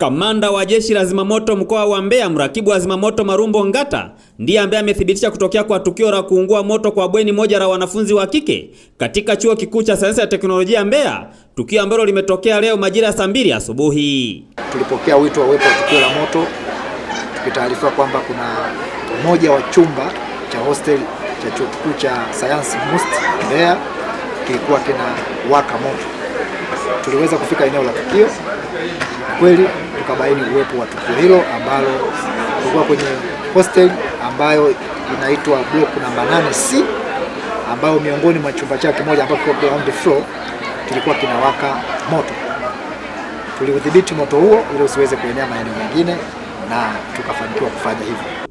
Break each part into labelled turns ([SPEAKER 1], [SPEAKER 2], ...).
[SPEAKER 1] Kamanda wa Jeshi la Zimamoto mkoa wa Mbeya, mrakibu wa zimamoto Marumbo Ngata ndiye ambaye amethibitisha kutokea kwa tukio la kuungua moto kwa bweni moja la wanafunzi wa kike katika Chuo Kikuu cha Sayansi ya Teknolojia Mbeya, tukio ambalo limetokea leo majira ya saa mbili asubuhi.
[SPEAKER 2] Tulipokea wito wa uwepo wa tukio la moto tukitaarifiwa kwamba kuna mmoja wa chumba cha hostel cha Chuo Kikuu cha Sayansi MUST Mbeya kilikuwa kina waka moto. Tuliweza kufika eneo la tukio kweli tukabaini uwepo wa tukio hilo ambalo tulikuwa kwenye hostel ambayo inaitwa block namba 8C ambayo miongoni mwa chumba chake kimoja ambapo kwa ground floor kilikuwa kinawaka moto. Tuliudhibiti moto huo ili usiweze kuenea maeneo mengine na tukafanikiwa kufanya hivyo.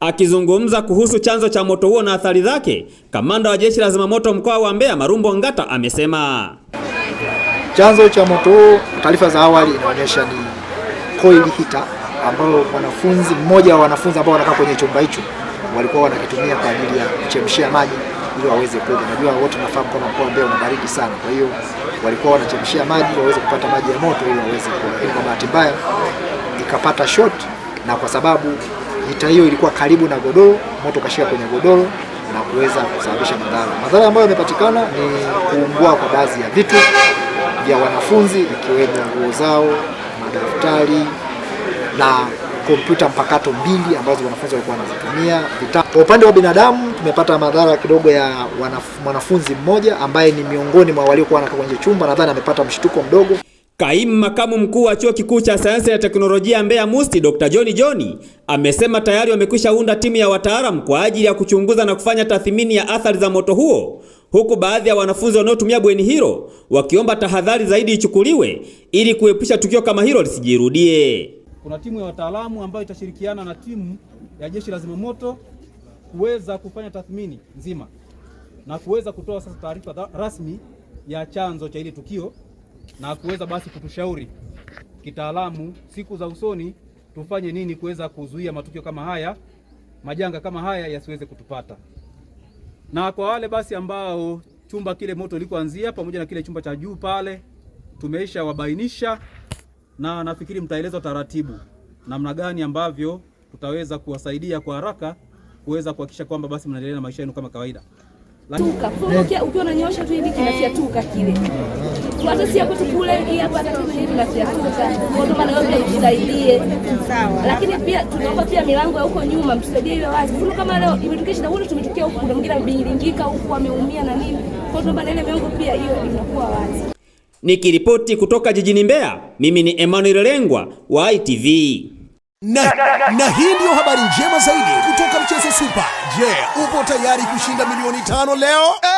[SPEAKER 1] Akizungumza kuhusu chanzo cha moto huo na athari zake, kamanda wa jeshi la zimamoto mkoa wa Mbeya Marumbo Ngata amesema
[SPEAKER 2] chanzo cha moto huo, taarifa za awali inaonyesha ni coil heater ambayo wanafunzi mmoja wa wanafunzi ambao wanakaa kwenye chumba hicho walikuwa wanakitumia kwa ajili ya kuchemshia maji ili waweze kuoga. Najua wote tunafahamu kama mkoa wa Mbeya una baridi sana, kwa hiyo walikuwa wanachemshia maji ili waweze kupata maji ya moto ili waweze kuoga. Kwa bahati mbaya ikapata short, na kwa sababu hita hiyo ilikuwa karibu na godoro, moto kashika kwenye godoro na kuweza kusababisha madhara. Madhara ambayo yamepatikana ni kuungua kwa baadhi ya vitu vya wanafunzi ikiwemo nguo zao madaftari na kompyuta mpakato mbili ambazo wanafunzi walikuwa wanazitumia. Kwa upande wa binadamu, tumepata madhara kidogo ya mwanafunzi mmoja ambaye ni miongoni mwa waliokuwa wanakaa kwenye chumba, nadhani amepata mshtuko mdogo.
[SPEAKER 1] Kaimu makamu mkuu wa Chuo Kikuu cha Sayansi na Teknolojia Mbeya MUST, Dr. John John amesema tayari wamekwisha unda timu ya wataalamu kwa ajili ya kuchunguza na kufanya tathmini ya athari za moto huo huku baadhi ya wanafunzi wanaotumia bweni hilo wakiomba tahadhari zaidi ichukuliwe ili kuepusha tukio kama hilo lisijirudie.
[SPEAKER 3] Kuna timu ya wataalamu ambayo itashirikiana na timu ya jeshi la zimamoto kuweza kufanya tathmini nzima na kuweza kutoa sasa taarifa rasmi ya chanzo cha ile tukio na kuweza basi kutushauri kitaalamu siku za usoni tufanye nini kuweza kuzuia matukio kama haya, majanga kama haya yasiweze kutupata. Na kwa wale basi ambao chumba kile moto ulikoanzia pamoja na kile chumba cha juu pale tumeisha wabainisha, na nafikiri mtaelezwa taratibu namna gani ambavyo tutaweza kuwasaidia kwa haraka kuweza kuhakikisha kwamba basi mnaendelea na maisha yenu kama kawaida
[SPEAKER 4] tuka kwa unanyosha tu hivi kile hii hapa hivi itusaidie lakini pia tunaomba pia milango ya huko nyuma mtusaidie iwe wazi kama leo shida kuna mwingine ameumia na nini ile milango pia hiyo inakuwa wazi
[SPEAKER 1] nikiripoti kutoka jijini Mbeya mimi ni Emmanuel Lengwa wa ITV
[SPEAKER 5] na, na hii ndiyo habari njema zaidi Super. Je, yeah, upo tayari kushinda milioni tano leo eh?